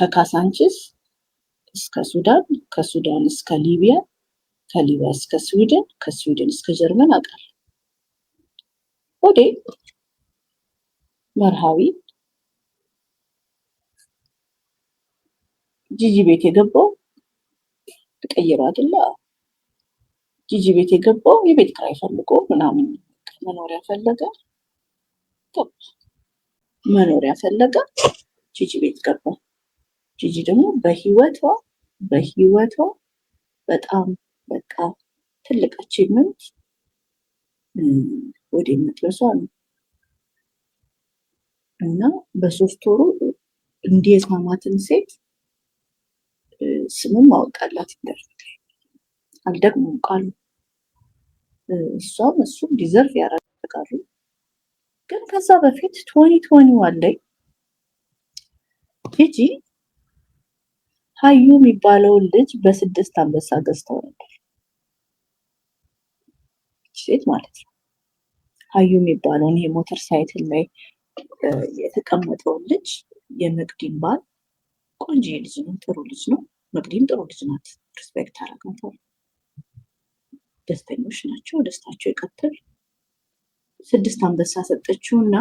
ከካሳንቺስ እስከ ሱዳን፣ ከሱዳን እስከ ሊቢያ፣ ከሊቢያ እስከ ስዊድን፣ ከስዊድን እስከ ጀርመን አውቃለሁ። ሆዴ መርሃዊ ጂጂ ቤት የገባው ተቀይሮ አይደለ? ጂጂ ቤት የገባው የቤት ክራይ ፈልጎ ምናምን መኖሪያ ፈለገ፣ መኖሪያ ፈለገ፣ ጂጂ ቤት ገባ። ጂጂ ደግሞ በህይወቷ በህይወቷ በጣም በቃ ትልቅ አቺቭመንት ወደ መድረሷ ነው እና በሶስት ወሩ እንዲህ የስማማትን ሴት ስሙም ማወቃላት ይደረግ አልደግሞም ቃሉ እሷም እሱም ዲዘርቭ ያረጋሉ። ግን ከዛ በፊት ትወኒ ትወኒ ዋለይ ጂጂ ሀዩ የሚባለውን ልጅ በስድስት አንበሳ ገዝተው ነበር። ሴት ማለት ነው። ሀዩ የሚባለውን ይሄ ሞተር ሳይክል ላይ የተቀመጠውን ልጅ የመቅዲም ባል ቆንጆ ልጅ ነው፣ ጥሩ ልጅ ነው። መቅዲም ጥሩ ልጅ ናት። ሪስፔክት አረጋታል። ደስተኞች ናቸው። ደስታቸው ይቀጥል። ስድስት አንበሳ ሰጠችው እና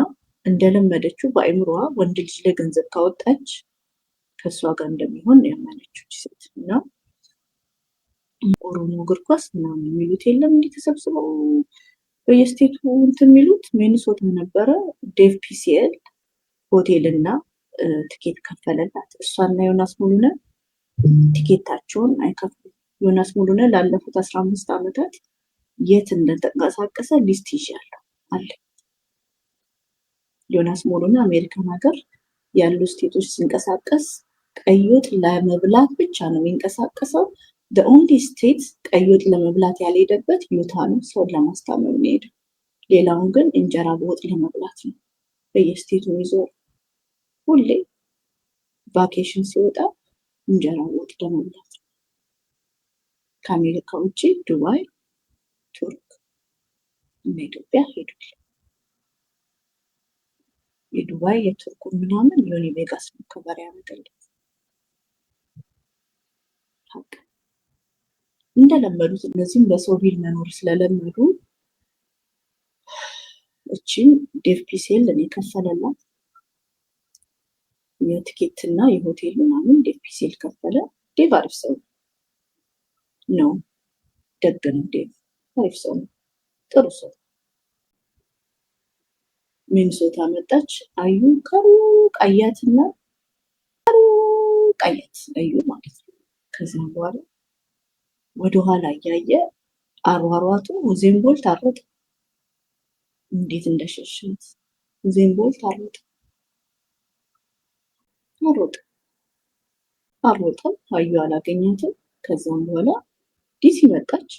እንደለመደችው በአይምሮዋ ወንድ ልጅ ለገንዘብ ካወጣች ከእሷ ጋር እንደሚሆን ያመነችች ሴት እና ኦሮሞ እግር ኳስ ምናምን የሚሉት የለም እንዲህ ተሰብስበው በየስቴቱ እንትን የሚሉት ሚኒሶታ ነበረ። ዴቭ ፒሲኤል ሆቴል እና ትኬት ከፈለላት። እሷና ዮናስ ሙሉነ ትኬታቸውን አይከፍሉም። ዮናስ ሙሉነ ላለፉት አስራ አምስት ዓመታት የት እንደተንቀሳቀሰ ሊስት ይዣለሁ አለ። ዮናስ ሙሉነ አሜሪካን ሀገር ያሉ ስቴቶች ሲንቀሳቀስ ቀይ ወጥ ለመብላት ብቻ ነው የሚንቀሳቀሰው። ኦንሊ ስቴት ቀይ ወጥ ለመብላት ያልሄደበት ዩታ ነው፣ ሰውን ለማስታመም ነው የሄደው። ሌላውን ግን እንጀራ በወጥ ለመብላት ነው በየስቴቱ ይዞር። ሁሌ ቫኬሽን ሲወጣ እንጀራ በወጥ ለመብላት ነው። ከአሜሪካ ውጭ ዱባይ፣ ቱርክ እና ኢትዮጵያ ሄዷል። የዱባይ የቱርኩ ምናምን ዮኒ ቬጋስ ነው ከበሬ ያመጠለት አታውቅም። እንደለመዱት እነዚህም ለሰው ቢል መኖር ስለለመዱ እቺን ዴፍፒሴል እኔ ከፈለላት የትኬት እና የሆቴል ምናምን ዴፍፒሴል ከፈለ። ዴቭ አሪፍ ሰው ነው፣ ደግ ነው። ዴቭ አሪፍ ሰው ነው፣ ጥሩ ሰው ሚኒሶታ መጣች። አዩ ከሩቅ አያትና ከሩቅ አያት አዩ ማለት ከዚህም በኋላ ወደኋላ እያየ አሯሯቱ ሁሴን ቦልት አሮጠ። እንዴት እንደሸሸት ሁሴን ቦልት አሮጠ አሮጠ አሮጠ። አዩ አላገኛትም። ከዛም በኋላ ዲሲ መጣች።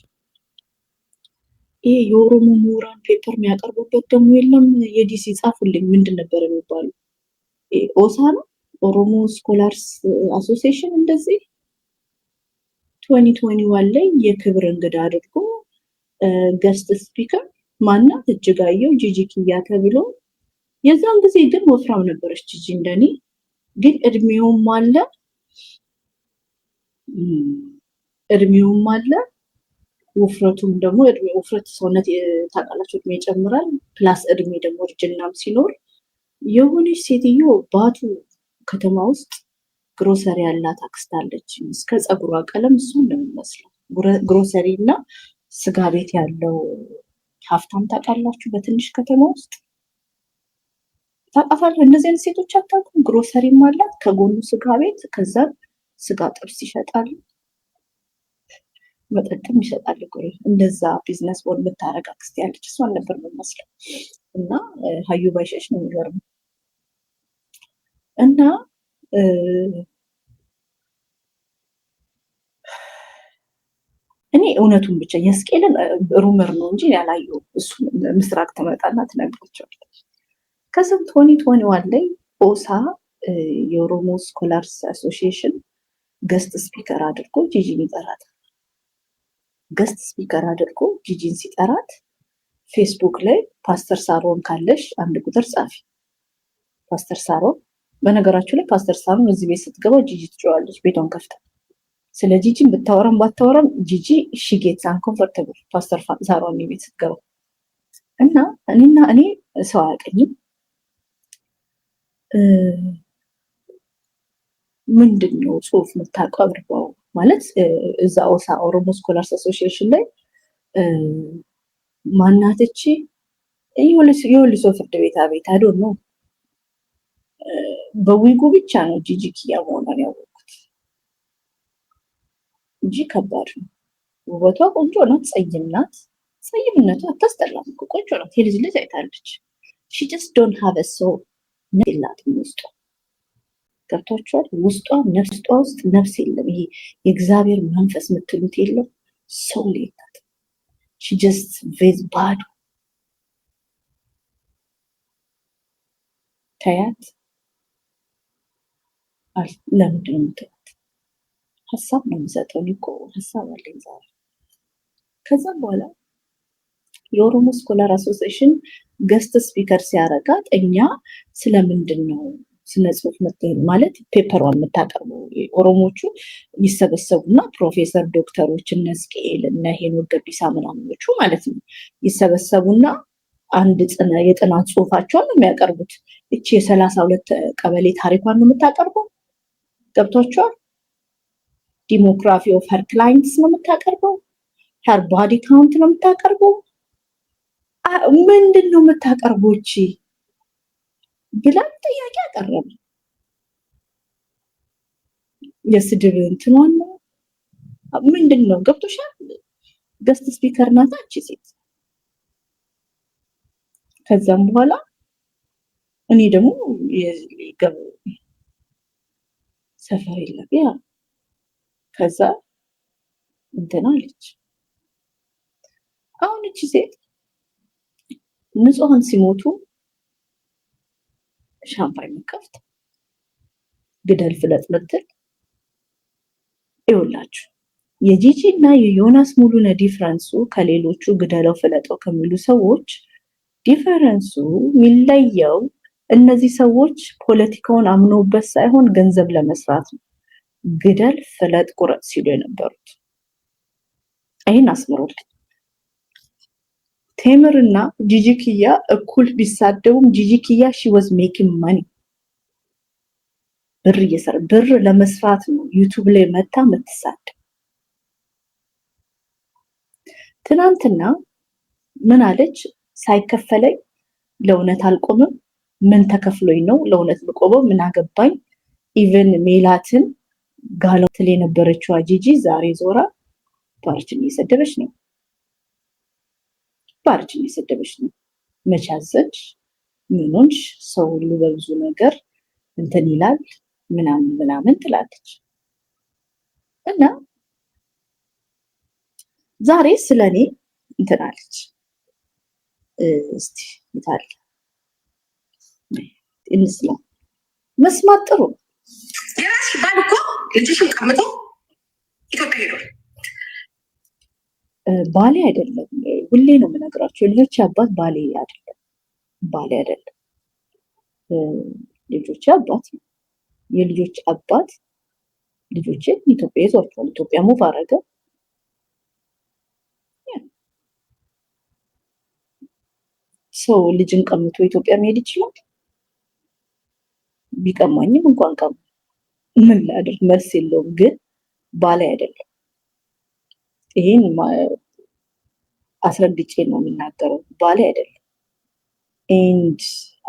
ይሄ የኦሮሞ ምሁራን ፔፐር የሚያቀርቡበት ደግሞ የለም። የዲሲ ጻፉልኝ ምንድን ነበር የሚባለው? ኦሳ ነው ኦሮሞ ስኮላርስ አሶሲሽን እንደዚህ 2021 ላይ የክብር እንግዳ አድርጎ ገስት ስፒከር ማናት እጅጋየው ጂጂ ኪያ ተብሎ የዛን ጊዜ ግን ወፍራም ነበረች ጂጂ እንደኔ ግን እድሜውም አለ እድሜውም አለ ውፍረቱም ደግሞ እድሜ ውፍረት ሰውነት ታውቃላችሁ እድሜ ይጨምራል ፕላስ እድሜ ደግሞ እርጅናም ሲኖር የሆነች ሴትዮ ባቱ ከተማ ውስጥ ግሮሰሪ ያላት አክስት አለች። እስከ ፀጉሯ ቀለም እሱ እንደሚመስለው ግሮሰሪ እና ስጋ ቤት ያለው ሀብታም ታውቃላችሁ? በትንሽ ከተማ ውስጥ ታውቃታለሁ። እነዚህ አይነት ሴቶች አታውቁም? ግሮሰሪም አላት፣ ከጎኑ ስጋ ቤት፣ ከዛ ስጋ ጥብስ ይሸጣል፣ መጠጥም ይሸጣል። ጎ እንደዛ ቢዝነስ ቦል የምታረግ አክስት ያለች እሷን ነበር የምመስለው። እና ሀዩ ባይሸሽ ነው የሚገርመው እና እኔ እውነቱን ብቻ የስቅልን ሩመር ነው እንጂ ያላየው እሱ ምስራቅ ትመጣና ትነግራቸዋለች። ከዚም ቶኒ ቶኒ ዋን ላይ ኦሳ የኦሮሞ ስኮላርስ አሶሲዬሽን ገስት ስፒከር አድርጎ ጂጂን ይጠራታል። ገስት ስፒከር አድርጎ ጂጂን ሲጠራት ፌስቡክ ላይ ፓስተር ሳሮን ካለሽ አንድ ቁጥር ጻፊ። ፓስተር ሳሮን በነገራችሁ ላይ ፓስተር ሳሮን እዚህ ቤት ስትገባ ጂጂ ትጮዋለች ቤቷን ከፍታ ስለ ጂጂም ብታወራም ባታወራም ጂጂ ሽጌት ጌትስ አንኮንፈርተብል ፓስተር ዛሯ ቤት ስትገባ እና እኔና እኔ ሰው አያውቀኝም። ምንድን ነው ጽሁፍ የምታቀርበው ማለት እዛ ኦሳ ኦሮሞ ስኮላርስ አሶሲሽን ላይ ማናትቺ የወልሶ ፍርድ ቤት አቤት አዶ ነው። በዊጉ ብቻ ነው ጂጂ ኪያ መሆኗን ያው እንጂ ከባድ ነው። ውበቷ ቆንጆ ናት፣ ጸይም ናት። ጸይምነቱ አታስጠላም ቆንጆ ናት። የልጅ ልጅ አይታለች። ሺ ጀስት ዶን ሀቭ ሰው የላትም ውስጧ። ገብቷችኋል? ውስጧ ነፍስጧ ውስጥ ነፍስ የለም። ይሄ የእግዚአብሔር መንፈስ የምትሉት የለም። ሰው ሌላት ሺ ጀስት ቬዝ ባዶ ታያት። ለምንድን ነው ሀሳብ ነው የሚሰጠው። እኔ ሀሳብ አለኝ ዛሬ። ከዛም በኋላ የኦሮሞ ስኮላር አሶሲሽን ገስት ስፒከር ሲያረጋት እኛ ስለምንድን ነው ስነ ጽሁፍ ማለት ፔፐሯን የምታቀርቡ ኦሮሞቹ ይሰበሰቡና ፕሮፌሰር ዶክተሮች እነ ስቅኤል እነ ሄኖ ገቢሳ ምናምኖቹ ማለት ነው ይሰበሰቡና አንድ የጥናት ጽሁፋቸውን ነው የሚያቀርቡት። እቺ የሰላሳ ሁለት ቀበሌ ታሪኳን ነው የምታቀርበው። ገብቷቸዋል። ዲሞግራፊ ኦፍ ሄር ክላይንትስ ነው የምታቀርበው፣ ሄር ባዲ ካውንት ነው የምታቀርበው። ምንድን ነው የምታቀርቦች ብላን ጥያቄ አቀረበ። የስድብ እንትኗን ነው ምንድን ነው ገብቶሻል። ገስት ስፒከር ናት አቺ ሴት። ከዛም በኋላ እኔ ደግሞ ሰፈር የለም ያ ከዛ እንትን አለች። አሁን እቺ ሴት ንጹሐን ሲሞቱ ሻምፓኝ መከፍት ግደል ፍለጥ ምትል ይውላችሁ የጂጂ እና የዮናስ ሙሉነ ዲፍረንሱ ከሌሎቹ ግደለው ፍለጠው ከሚሉ ሰዎች ዲፈረንሱ የሚለየው እነዚህ ሰዎች ፖለቲካውን አምነውበት ሳይሆን ገንዘብ ለመስራት ነው። ግደል፣ ፍለጥ፣ ቁረጥ ሲሉ የነበሩት ይህን አስምሮት ቴምርና ጂጂክያ እኩል ቢሳደቡም ጂጂክያ ሺ ወዝ ሜኪንግ መኒ ብር እየሰራ ብር ለመስራት ነው። ዩቱብ ላይ መታ የምትሳደብ ትናንትና ምን አለች? ሳይከፈለኝ ለእውነት አልቆምም። ምን ተከፍሎኝ ነው ለእውነት ብቆመው? ምን አገባኝ? ኢቨን ሜላትን ጋላትል የነበረችው ጂጂ ዛሬ ዞራ ባርችን እየሰደበች ነው። ባርችን እየሰደበች ነው። መቻዘች ምኖች ሰው ሁሉ በብዙ ነገር እንትን ይላል ምናምን ምናምን ትላለች እና ዛሬ ስለ እኔ እንትን አለች። እስቲ ይታል እንስማ። መስማት ጥሩ የራስሽ ልጅሽን ኢትዮጵያ ሄዷል። ባሌ አይደለም። ሁሌ ነው የምነግራቸው። ልጆች አባት ባሌ አይደለም፣ ባሌ አይደለም። ልጆች አባት የልጆች አባት ልጆችን ኢትዮጵያ ይዟቸዋል። ኢትዮጵያ ሙቭ አረገ። ሰው ልጅን ቀምቶ ኢትዮጵያ መሄድ ይችላል። ቢቀማኝም እንኳን ቀም ምን ላድርግ መልስ የለውም። ግን ባላይ አይደለም። ይህን አስረግጬ ነው የሚናገረው። ባላይ አይደለም። ኤንድ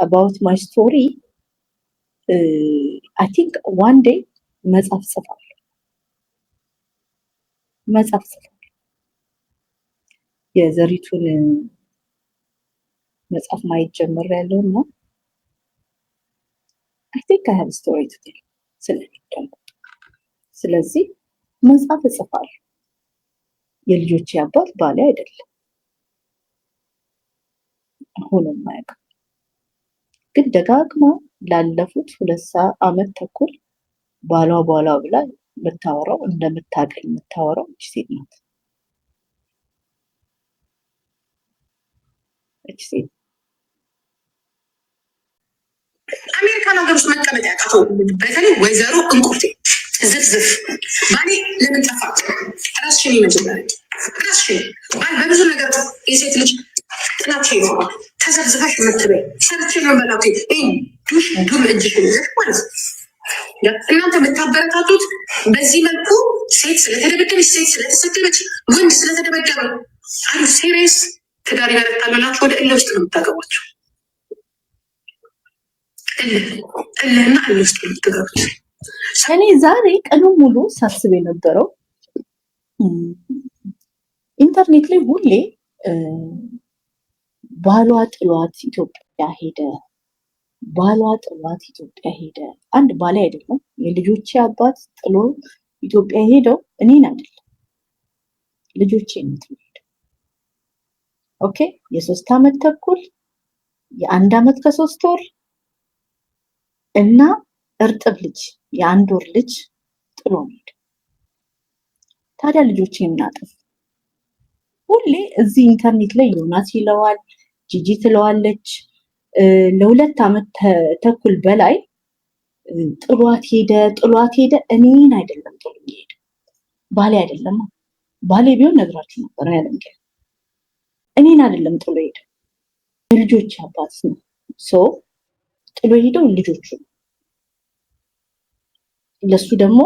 አባውት ማይ ስቶሪ አይ ቲንክ ዋን ዴይ መጽሐፍ ጽፋለሁ። መጽሐፍ ጽፋለሁ። የዘሪቱን መጽሐፍ ማየት ጀምሬያለሁ እና አይ ቲንክ አይ ሃቭ ስቶሪ ቱ ቴል ስለዚህ መጽሐፍ እጽፋለሁ። የልጆቼ አባት ባሌ አይደለም ሆኖ ማያውቅ ግን ደጋግማ ላለፉት ሁለት ዓመት ተኩል ባሏ ባሏ ብላ የምታወራው የምታወራው እች ሴት ናት። እች ሴት አሜሪካን ሀገር ውስጥ መቀመጥ ያቃተው በተለይ ወይዘሮ እንቁርቴ ዝፍዝፍ ባሌ ለምን ጠፋት? ራስሽን ይመጀመሪያ ራስሽን ባል በብዙ ነገር የሴት ልጅ ጥላት ይሆናል። ተዘብዝፈሽ የምትበይ ሰርች መበላት ዱሽ ዱር እጅሽ ይዘሽ ማለት እናንተ የምታበረታቱት በዚህ መልኩ ሴት ስለተደበደበች፣ ሴት ስለተሰደበች፣ ወንድ ስለተደበደበ አሉ ሴሬስ ትዳር ይበረታሉ ብላችሁ ወደ እለ ውስጥ ነው የምታገቧቸው። እልህና እልህ እኔ ዛሬ ቀኑ ሙሉ ሳስብ የነበረው ኢንተርኔት ላይ ሁሌ ባሏ ጥሏት ኢትዮጵያ ሄደ፣ ባሏ ጥሏት ኢትዮጵያ ሄደ። አንድ ባሌ አይደለም የልጆቼ አባት ጥሎ ኢትዮጵያ ሄደው እኔን አይደለም ልጆቼ ነት ሄደው። ኦኬ የሶስት አመት ተኩል የአንድ አመት ከሶስት ወር እና እርጥብ ልጅ የአንድ ወር ልጅ ጥሎ ሄደ። ታዲያ ልጆቼ የምናጠፍ ሁሌ እዚህ ኢንተርኔት ላይ ዮናስ ይለዋል፣ ጂጂ ትለዋለች። ለሁለት ዓመት ተኩል በላይ ጥሏት ሄደ፣ ጥሏት ሄደ። እኔን አይደለም ጥሎ ሄደ፣ ባሌ አይደለም። ባሌ ቢሆን ነግራችሁ ነበር ያለም እኔን አይደለም ጥሎ ሄደ፣ የልጆች አባት ነው። ጥሎ ሄደው ልጆቹ ለሱ ደግሞ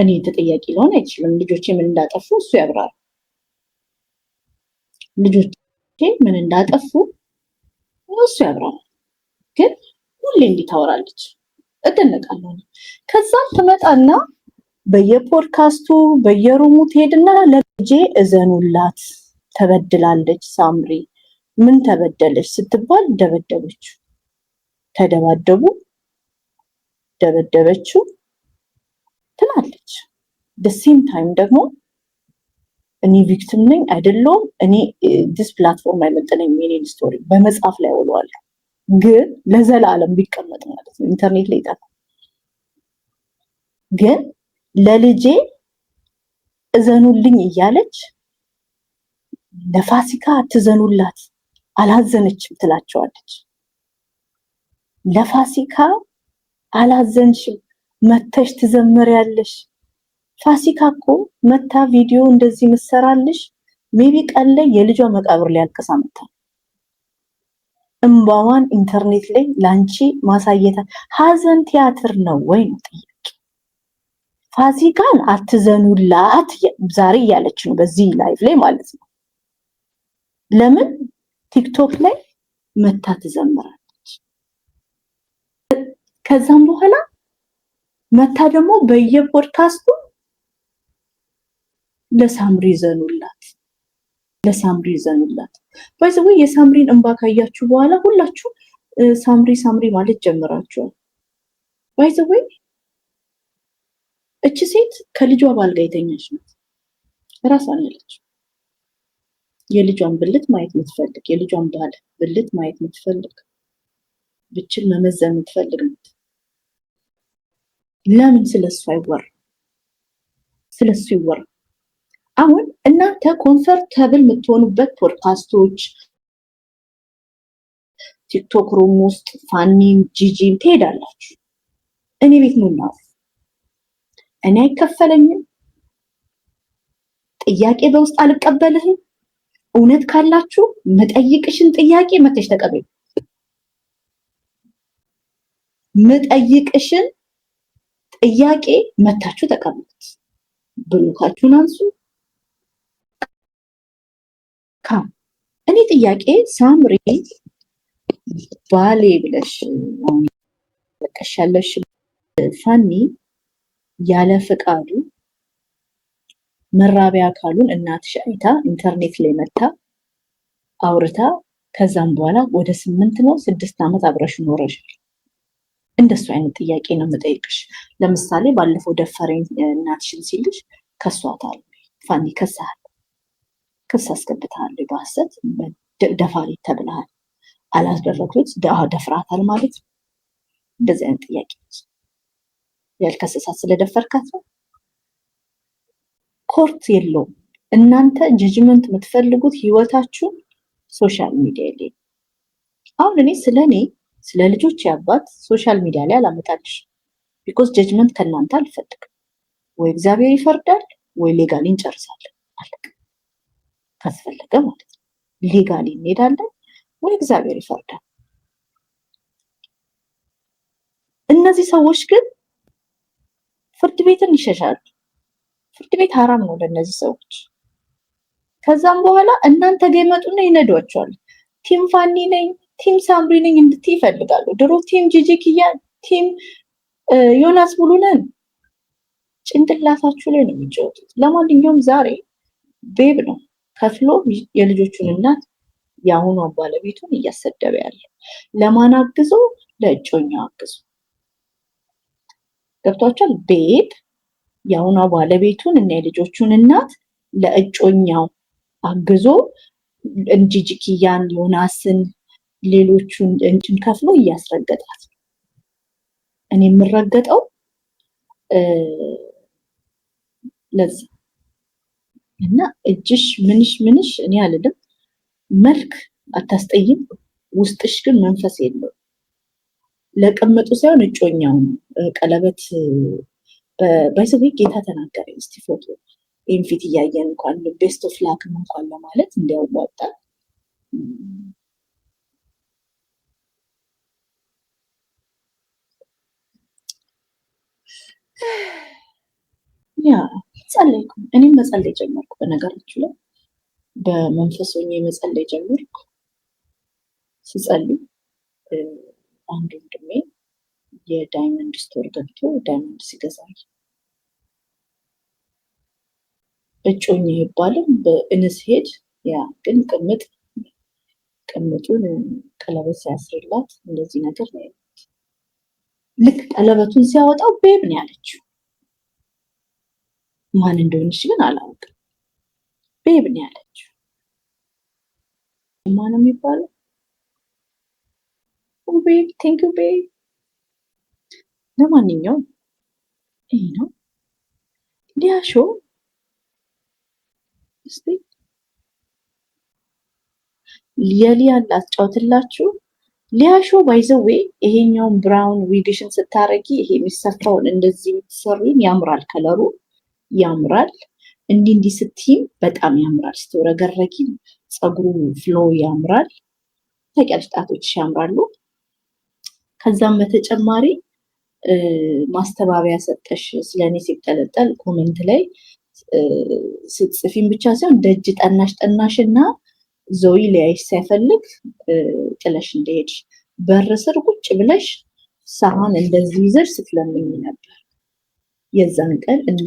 እኔ ተጠያቂ ለሆነ አይችልም። ልጆቼ ምን እንዳጠፉ እሱ ያብራል። ልጆቼ ምን እንዳጠፉ እሱ ያብራሩ? ግን ሁሌ እንዲህ ታወራለች፣ እደነቃለሁ። ከዛም ትመጣና በየፖድካስቱ በየሩሙ ትሄድና ለልጄ እዘኑላት፣ ተበድላለች። ሳምሪ ምን ተበደለች ስትባል ደበደበችው። ተደባደቡ፣ ደበደበችው ትላለች። ደሴም ታይም ደግሞ እኔ ቪክቲም ነኝ አይደለውም፣ እኔ ዲስ ፕላትፎርም አይመጥነኝ የኔን ስቶሪ በመጽሐፍ ላይ ውለዋለሁ፣ ግን ለዘላለም ቢቀመጥ ማለት ነው ኢንተርኔት ላይ ጠፋ ግን ለልጄ እዘኑልኝ እያለች ለፋሲካ ትዘኑላት አላዘነችም ትላቸዋለች። ለፋሲካ አላዘንሽም መተሽ ትዘምሪያለሽ። ፋሲካ እኮ መታ ቪዲዮ እንደዚህ ምሰራልሽ ሜቢ ቀን ላይ የልጇ መቃብር ላይ አልቅሳ መታ እምባዋን ኢንተርኔት ላይ ላንቺ ማሳየት ሀዘን ቲያትር ነው ወይ ነው ጥያቄ። ፋሲካን አትዘኑላት ዛሬ እያለች ነው በዚህ ላይቭ ላይ ማለት ነው። ለምን ቲክቶክ ላይ መታ ትዘምራል ከዛም በኋላ መታ ደግሞ በየፖድካስቱ ለሳምሪ ዘኑላት ለሳምሪ ዘኑላት ባይዘው የሳምሪን እንባ ካያችሁ በኋላ ሁላችሁ ሳምሪ ሳምሪ ማለት ጀምራችኋል። ባይዘው እቺ ሴት ከልጇ ባል ጋር የተኛች ናት። ራሷን ያለች የልጇን ብልት ማየት የምትፈልግ የልጇን ባል ብልት ማየት የምትፈልግ ብችል መመዘን የምትፈልግ ናት። ለምን ስለሱ አይወራ? ስለሱ ይወራ። አሁን እናንተ ኮንፈርተብል የምትሆኑበት ፖድካስቶች፣ ቲክቶክ ሩም ውስጥ ፋኒም ጂጂም ትሄዳላችሁ። እኔ ቤት ነው እኔ አይከፈለኝም። ጥያቄ በውስጥ አልቀበልህም። እውነት ካላችሁ መጠይቅሽን ጥያቄ መተሽ ተቀበይ። መጠይቅሽን ጥያቄ መታችሁ ተቀመጡት። ብሉካችሁን አንሱ። ካም እኔ ጥያቄ ሳምሪ ባሌ ብለሽ ለቀሻለሽ ፋኒ ያለ ፍቃዱ መራቢያ አካሉን እናትሽ አይታ ኢንተርኔት ላይ መታ አውርታ ከዛም በኋላ ወደ ስምንት ነው ስድስት ዓመት አብረሽ ኖረሻል። እንደሱ አይነት ጥያቄ ነው የምጠይቅሽ። ለምሳሌ ባለፈው ደፈረኝ እናትሽን ሲልሽ ከሷታል ፋኒ ከሳል ክስ አስገብታል በሐሰት ደፋሪ ተብለሃል፣ አላስደረግኩት ደፍራታል ማለት ነው። እንደዚህ አይነት ጥያቄ ያልከሰሳት ስለደፈርካት ነው። ኮርት የለውም። እናንተ ጀጅመንት የምትፈልጉት ህይወታችሁን ሶሻል ሚዲያ ላይ አሁን እኔ ስለ እኔ ስለ ልጆች አባት ሶሻል ሚዲያ ላይ አላመጣልሽ። ቢኮዝ ጀጅመንት ከእናንተ አልፈልግም። ወይ እግዚአብሔር ይፈርዳል ወይ ሌጋሊ እንጨርሳለን አለቅ ካስፈለገ ማለት ነው። ሌጋሊ እንሄዳለን ወይ እግዚአብሔር ይፈርዳል። እነዚህ ሰዎች ግን ፍርድ ቤትን ይሸሻሉ። ፍርድ ቤት ሀራም ነው ለእነዚህ ሰዎች። ከዛም በኋላ እናንተ ጋ ይመጡና ይነዷቸዋል። ቲም ፋኒ ነኝ ቲም ሳምሪ ነኝ እንድትይ ይፈልጋሉ። ድሮ ቲም ጂጂ ኪያ፣ ቲም ዮናስ ሙሉነን ጭንቅላታችሁ ላይ ነው የሚጫወቱት። ለማንኛውም ዛሬ ቤብ ነው ከፍሎ የልጆቹን እናት የአሁኗን ባለቤቱን እያሰደበ ያለ። ለማን አግዞ? ለእጮኛው አግዞ ገብቷቸዋል። ቤብ የአሁኗ ባለቤቱን እና የልጆቹን እናት ለእጮኛው አግዞ እንጂ ዮናስን ሌሎቹ እንጭን ከፍሎ እያስረገጣት ነው። እኔ የምረገጠው ለዛ እና እጅሽ ምንሽ ምንሽ እኔ አልልም። መልክ አታስጠይም፣ ውስጥሽ ግን መንፈስ የለው። ለቀመጡ ሳይሆን እጮኛውን ቀለበት ባይሰቤ ጌታ ተናገረ። እስቲ ፎቶ ይህን ፊት እያየን እንኳን ቤስት ኦፍ ላክም እንኳን ለማለት እንዲያዋጣ ያ ጸለይኩ። እኔም መጸለይ ጀመርኩ። በነገራችሁ ላይ በመንፈስ ሆኜ መጸለይ ጀመርኩ። ስጸልይ አንድ ወንድሜ የዳይመንድ ስቶር ገብቶ ዳይመንድ ሲገዛል እጮኝ ይባልም በእንስ ሄድ ያ ግን ቅምጥ ቅምጡን ቀለበት ሲያስርላት እንደዚህ ነገር ነው ልክ ቀለበቱን ሲያወጣው ቤብ ነው ያለችው። ማን እንደሆነች ግን አላውቅም። ቤብ ነው ያለችው። ማን ነው የሚባለው? ቤብ ቴንክ ዩ ቤብ። ለማንኛውም ነው ሊያሾ ስ የሊያን ላስጫውትላችሁ ሊያሾ ባይዘዌ ይሄኛውን ብራውን ዊግሽን ስታረጊ ይሄ የሚሰፋውን እንደዚህ የምትሰሪውን ያምራል፣ ከለሩ ያምራል። እንዲህ እንዲህ ስትይም በጣም ያምራል። ስትወረገረጊ ፀጉሩ ፍሎ ያምራል። ታውቂያለሽ፣ ጣቶች ያምራሉ። ከዛም በተጨማሪ ማስተባበያ ሰጠሽ ስለእኔ ሲጠለጠል ኮመንት ላይ ስትጽፊም ብቻ ሳይሆን ደጅ ጠናሽ ጠናሽና ዘዊ ሊያይሽ ሳይፈልግ ጥለሽ እንደሄድሽ በር ስር ቁጭ ብለሽ ሰሃን እንደዚህ ይዘሽ ስትለምኝ ነበር። የዛን ቀን እነ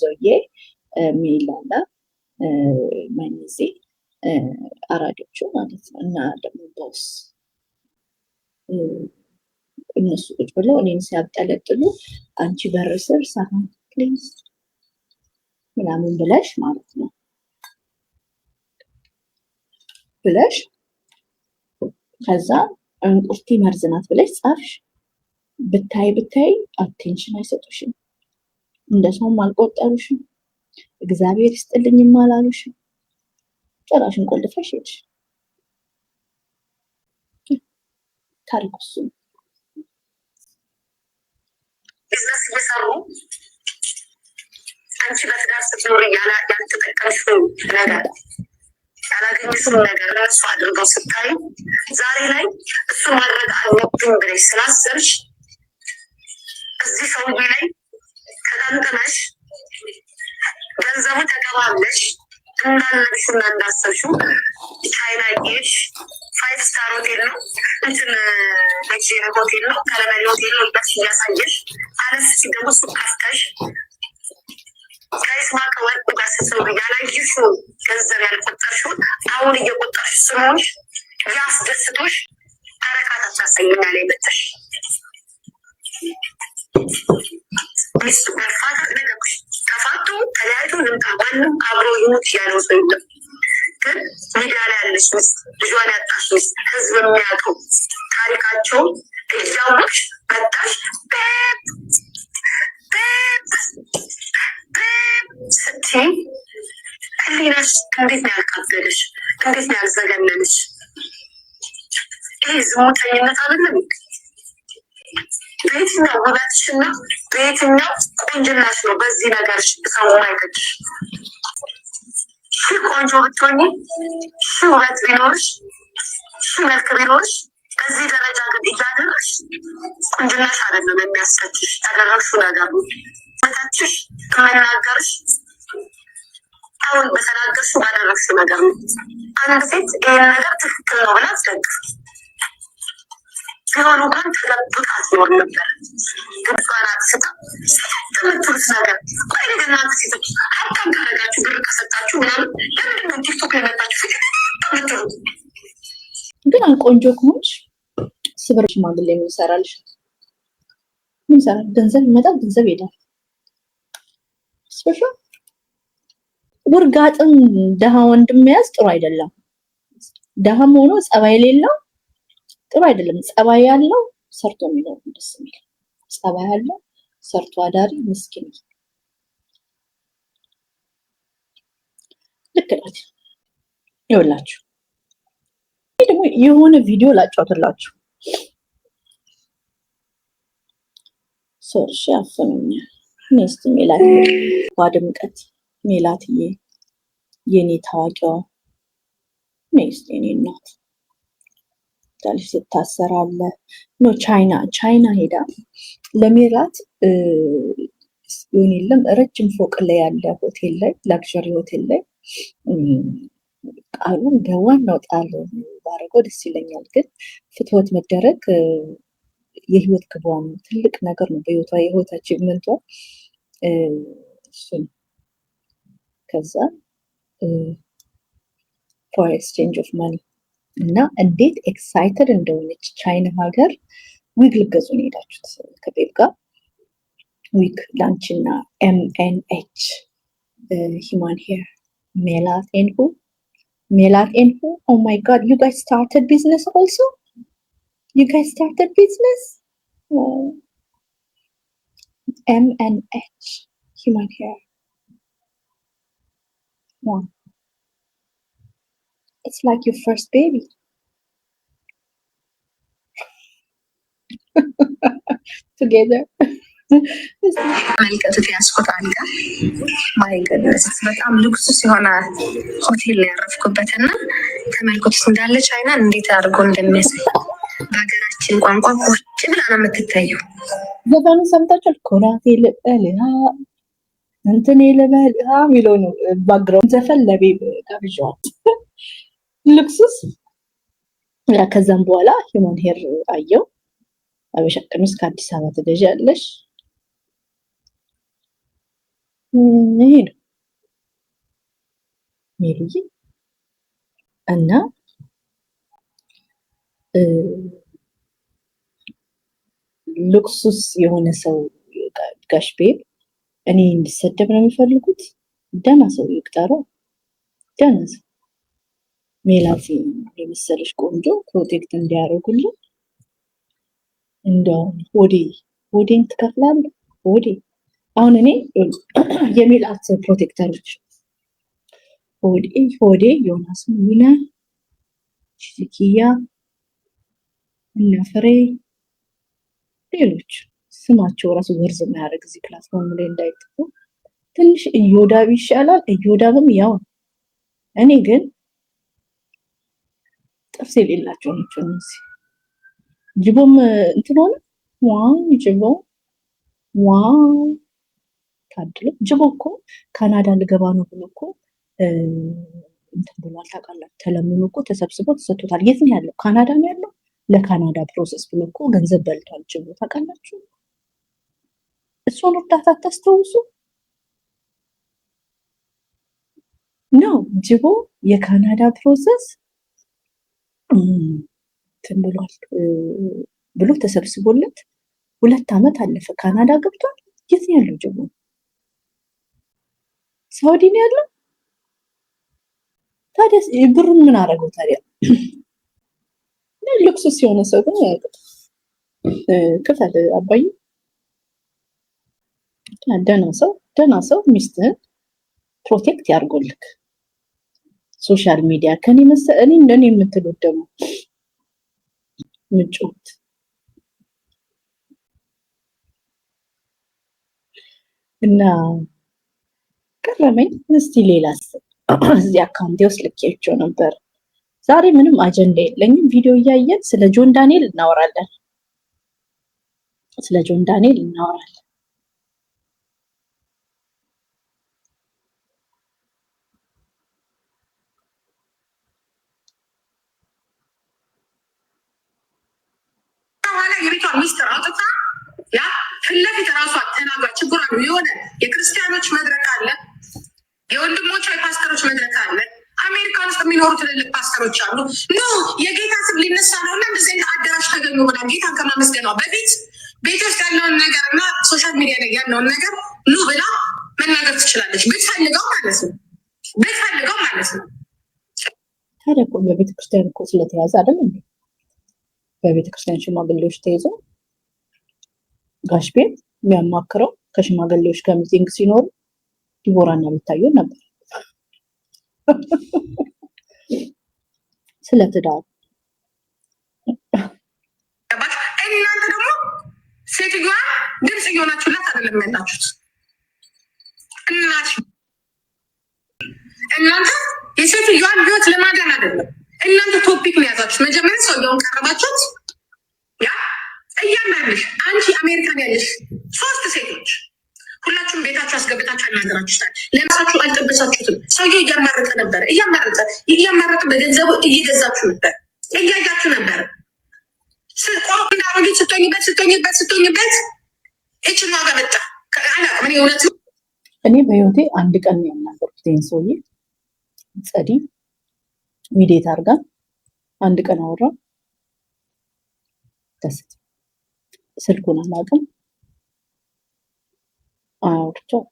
ዞዬ ሚላላ መኝዜ አራጆቹ ማለት ነው እና ደግሞ ቦስ እነሱ ቁጭ ብለው እኔን ሲያብጠለጥሉ አንቺ በር ስር ሳህን ፕሊዝ ምናምን ብለሽ ማለት ነው ብለሽ ከዛ እንቁርቲ መርዝ ናት ብለሽ ጻፍሽ። ብታይ ብታይ አቴንሽን አይሰጡሽም፣ እንደ ሰውም አልቆጠሩሽም፣ እግዚአብሔር ይስጥልኝም አላሉሽም። ጭራሽን ቆልፈሽ ሄድሽ። ታሪኩ እሱ ነው። ቢዝነስ እየሰሩ አንቺ በትዳር ስትኖሪ ያልተጠቀምሽው ነገር ያላገኙትን ነገር ለእሱ አድርገው ስታዩ ዛሬ ላይ እሱ ማድረግ አለብኝ ብለሽ ስላሰብሽ እዚህ ሰውዬ ላይ ተጠንጥነሽ ገንዘቡ ተቀባብለሽ እንዳለብሽና እንዳሰብሽው ቻይና ጌሽ ፋይቭ ስታር ሆቴል ነው እንትን ሆቴል ነው ከለመሪ ሆቴል ነው እያሳየሽ አለፍ ሲገቡ ሱቅ ከፍተሽ ከይስማከ ወርቅ ጋር ስትኖር ያላየሽው ገንዘብ አሁን እየቆጠርሽ ስለሆንሽ ያስደስቶሽ ላይ መጠሽ ሚስቱ ነገሮች ተፋቶ ተለያዩ ንምታ ማንም አብሮ ይሙት ያለው ሰው የለም። ግን ላይ ያለች ሚስት፣ ልጇን ያጣች ሚስት፣ ህዝብ የሚያውቀው ታሪካቸውን እያወቅሽ እንዴት ነው ያልቀበልሽ? እንዴት ነው ያልዘገነንሽ? ይህ ዝሙተኝነት አይደለም። በየትኛው ውበትሽና በየትኛው ቆንጅናሽ ነው በዚህ ነገር ሰው ማይገድሽ? ሺህ ቆንጆ ብትሆኚ፣ ሺህ ውበት ቢኖርሽ፣ ሺህ መልክ ቢኖርሽ በዚህ ደረጃ ግን እያደረሽ ቆንጅናሽ አይደለም የሚያስከትሽ። ያደረግሽው ነገር ነው መታችሽ፣ የምናገርሽ አሁን በተናገርሽው ባደረግሽው ነገር ነው። አንድ ሴት ይህን ነገር ትክክል ነው ብላ አስደግፍ ሲሆኑ እንኳን ተገብታ ሲሆን ነበር ግብፅናት ስታ ትምትሉት ነገር ቆይ ነገር እናንተ ሴቶች ሀብታም ካረጋችሁ ብር ከሰጣችሁ ምናምን ለምንድን ነው ቲክቶክ ላይ መጣችሁ ምትሉት? ግን አልቆንጆ ከሆንሽ ስብር ሽማግሌ ምን ይሰራልሽ? ምን ይሰራል? ገንዘብ ይመጣል፣ ገንዘብ ይሄዳል። ስበሻ ውርጋጥም ደሃ ወንድም መያዝ ጥሩ አይደለም። ደሃም ሆኖ ጸባይ የሌለው ጥሩ አይደለም። ጸባይ ያለው ሰርቶ የሚኖር ደስ የሚል ጸባይ ያለው ሰርቶ አዳሪ ምስኪን ልክ ናት። ይኸውላችሁ ይህ ደግሞ የሆነ ቪዲዮ ላጫውትላችሁ። ሶርሽ አፈኑኛ ኔስት የሚላ ሜላትዬ የኔ ታዋቂዋ ኔክስት የኔ እናት ትላለች። ስታሰራለ ኖ ቻይና ቻይና ሄዳ ለሜላት ሆን የለም ረጅም ፎቅ ላይ ያለ ሆቴል ላይ ላክሪ ሆቴል ላይ ቃሉን በዋናው ጣል ባረገው ደስ ይለኛል፣ ግን ፍትወት መደረግ የህይወት ግቧ ነው። ትልቅ ነገር ነው በህይወቷ የህይወታችን ምንቷ እሱ ነው። ከዛ ፎር ኤክስቼንጅ ኦፍ ማኒ እና እንዴት ኤክሳይትድ እንደሆነች ቻይና ሀገር ዊግ ልገዙ ነው የሄዳችሁት ከቤብ ጋር ዊግ ላንችና ኤምኤንኤች ሂማን ሄር ሜላት ኤንሁ ሜላት ኤንሁ ኦ ማይ ጋድ ዩ ጋይ ስታርትድ ቢዝነስ ኦልሶ ዩ ጋይ ስታርትድ ቢዝነስ ኤምኤንኤች ሂማን ሄር one. It's like your first baby. Together. አልጋ ያስኩት አልጋ ማይ ገነስ በጣም ልክሱስ የሆነ ሆቴል ነው ያረፍኩበት እና ተመልክቱት እንዳለ ቻይና እንዴት አድርጎ እንደሚያሳይ በሀገራችን ቋንቋ ቁጭ ብላ ነው የምትታየው። ዘፈኑ ሰምታችኋል? ኮላቴ ልጠልያ እንትን የለበል ሚለው ነው ባግራውን ዘፈን ለቤ ጋብዣዋል። ልክሱስ ከዛም በኋላ ሂውማን ሄር አየው። አበሻ ቀሚስ ከአዲስ አበባ ትገዣለሽ። ይሄ ነው ሜሉዬ እና ሉክሱስ የሆነ ሰው ጋሽ ቤብ እኔ እንድሰደብ ነው የሚፈልጉት? ደህና ሰው ይቅጠረው። ደህና ሰው ሜላት የመሰለች ቆንጆ ፕሮቴክት እንዲያደርጉልን እንደውም ሆዴ ሆዴን ትከፍላለ ሆዴ አሁን እኔ የሜላት ፕሮቴክተሮች ሆዴ ሆዴ ዮናስ ሚና ሽትኪያ እና ፍሬ ሌሎች ስማቸው ራሱ ወርዝ የሚያደርግ እዚህ ፕላትፎርም ላይ እንዳይጥፉ ትንሽ እዮዳብ ይሻላል። እዮዳብም ያው እኔ ግን ጥርስ የሌላቸው ናቸው እነዚህ። ጅቦም እንትን ሆነ ዋው ጅቦ ዋው ታድሎ ጅቦ እኮ ካናዳ ልገባ ነው ብሎ እኮ እንትን ብሏል ታውቃላችሁ። ተለምኖ እኮ ተሰብስቦ ተሰጥቶታል። የት ነው ያለው? ካናዳ ነው ያለው። ለካናዳ ፕሮሰስ ብሎ እኮ ገንዘብ በልቷል ጅቦ ታውቃላችሁ። እሱን እርዳታ አታስታውሱ ነው ጅቦ የካናዳ ፕሮሰስ እንትን ብሏል ብሎ ተሰብስቦለት ሁለት ዓመት አለፈ። ካናዳ ገብቷል። የት ነው ያለው ጅቦ? ሳውዲ ነው ያለው። ታዲያ ብሩን ምን አደረገው ታዲያ? ልክሱስ የሆነ ሰው ግን ክፈል አባዬ ደህና ሰው ደህና ሰው ሚስትህን ፕሮቴክት ያርጎልክ። ሶሻል ሚዲያ ከኔ መሰ እኔ እንደኔ የምትሉት ደግሞ ምጮት እና ቀረመኝ። እስቲ ሌላ እዚህ አካውንቴ ውስጥ ልኬያቸው ነበር። ዛሬ ምንም አጀንዳ የለኝም። ቪዲዮ እያየን ስለ ጆን ዳንኤል እናወራለን። ስለ ጆን ዳንኤል እናወራለን። በፊት ራሷ ተናግራ ችግሯ የሆነ የክርስቲያኖች መድረክ አለ፣ የወንድሞቿ የፓስተሮች መድረክ አለ። አሜሪካ ውስጥ የሚኖሩ ትልልቅ ፓስተሮች አሉ። ኖ የጌታ ስም ሊነሳ ነው እና እንደዚህ አይነት አዳራሽ ተገኙ ብላ ጌታን ከማመስገኗ በፊት ቤት ውስጥ ያለውን ነገር እና ሶሻል ሚዲያ ላይ ያለውን ነገር ኑ ብላ መናገር ትችላለች፣ ብትፈልገው ማለት ነው። ብትፈልገው ማለት ነው። ታዲያ እኮ በቤተክርስቲያን እኮ ስለተያዘ አይደል? በቤተክርስቲያን ሽማግሌዎች ተይዘው ጋሽ ቤት የሚያማክረው ከሽማግሌዎች ጋር ሚቲንግ ሲኖሩ ዲቦራና የሚታዩ ነበር። ስለ ትዳር እናንተ ደግሞ ሴትዮዋ ድምፅ እየሆናችሁላት አይደለም ያላችሁት። እናት እናንተ የሴትዮዋን ህይወት ለማዳን አይደለም እናንተ ቶፒክ ነው የያዛችሁት። መጀመሪያ ሰውየውን ቀረባችሁት ያ እያንዳንድሽ አንቺ አሜሪካን ያለሽ ሶስት ሴቶች ሁላችሁም ቤታችሁ አስገብታችሁ አናገራችሁ አናገራችሁታል። ለምሳችሁ አልጠበሳችሁትም። ሰውዬው እያማረጠ ነበር እያማረጠ እያማረጠ በገንዘቡ እየገዛችሁ ነበር፣ እያያችሁ ነበር። ቆም እንዳሮጊት ስትኝበት ስትኝበት ስትኝበት እችን ዋጋ መጣ። አላቅም እኔ እውነት እኔ በህይወቴ አንድ ቀን ያናገርኩት ይህን ሰውዬ ጸዲ ዊዴት አርጋ አንድ ቀን አወራ ደስት ስልኩን አላውቅም አውርቼው